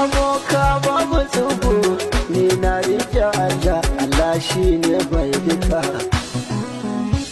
aboka babu tsubu ni na rike aja Allah shi ne bai duka